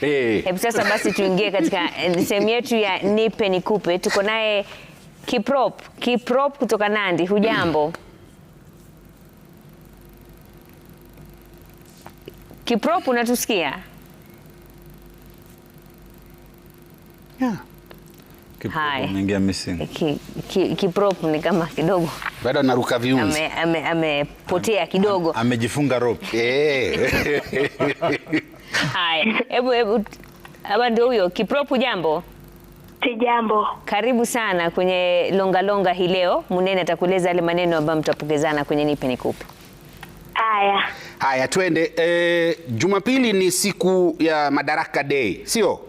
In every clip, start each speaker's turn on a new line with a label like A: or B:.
A: Hey.
B: Hebu sasa basi tuingie katika eh, sehemu yetu ya nipe nikupe. Tuko naye Kiprop, Kiprop kutoka Nandi. Hujambo? Kiprop, unatusikia?
C: Yeah.
D: Kiprop,
B: kiprop ni kama kidogo
D: bado anaruka viunzi,
B: amepotea kidogo,
D: amejifunga rope. Eh.
B: Haya, hebu hebu, hapa ndio huyo kiprop. Jambo jambo karibu sana kwenye longalonga hii leo. Munene atakueleza yale maneno ambayo mtapokezana kwenye nipe nikupe.
E: Haya
D: haya, twende. E, Jumapili ni siku ya Madaraka Day, sio?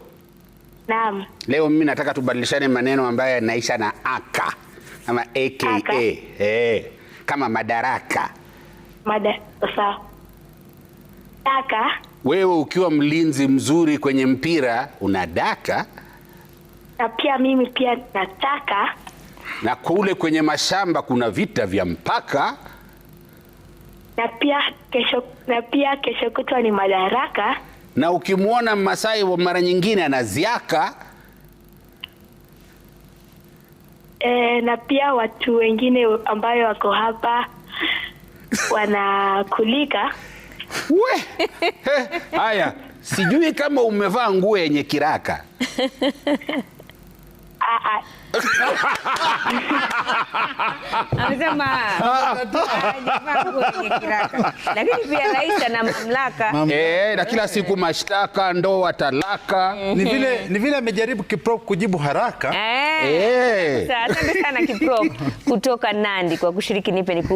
D: Naam. Leo mimi nataka tubadilishane maneno ambayo yanaisha na aka ama aka, aka. Eh, kama madaraka
E: Mada, daka.
D: Wewe ukiwa mlinzi mzuri kwenye mpira una daka
E: na pia mimi pia nataka,
D: na kule kwenye mashamba kuna vita vya mpaka,
E: na pia kesho, na pia kesho kutwa ni madaraka
D: na ukimwona Masai mara nyingine anaziaka
E: e, na pia watu wengine ambayo wako hapa wanakulika
D: we haya, sijui kama umevaa nguo yenye kiraka
E: ah, ah.
B: amesema lakini pia rais ana mamlaka
D: eh, na kila siku mashtaka, ndoa, talaka. Eh.
F: Ni vile ni vile amejaribu Kiprop kujibu haraka.
B: Eh,
D: eh.
B: asante sana Kiprop kutoka Nandi kwa kushiriki Nipe Nikupe.